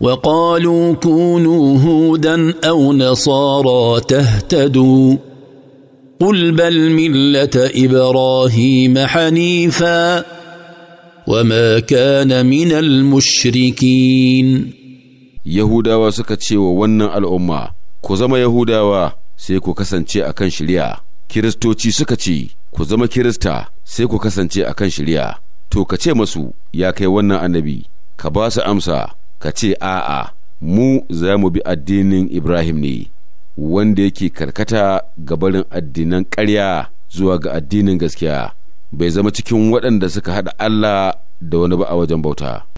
وقالوا كونوا هودا او نصارى تهتدوا قل بل مله ابراهيم حنيفا وما كان من المشركين يهوداوا suka ce wa wannan al'umma ku zama yahudawa sai ku kasance akan shari'a kiristoci suka ce ku zama kirista sai ku kasance akan shari'a to ka ce masu ya kai wannan annabi ka ba su amsa ka ce a'a mu za mu bi addinin Ibrahim ne wanda yake karkata ga barin addinan ƙarya zuwa ga addinin gaskiya bai zama cikin waɗanda suka haɗa Allah da wani ba a wajen bauta.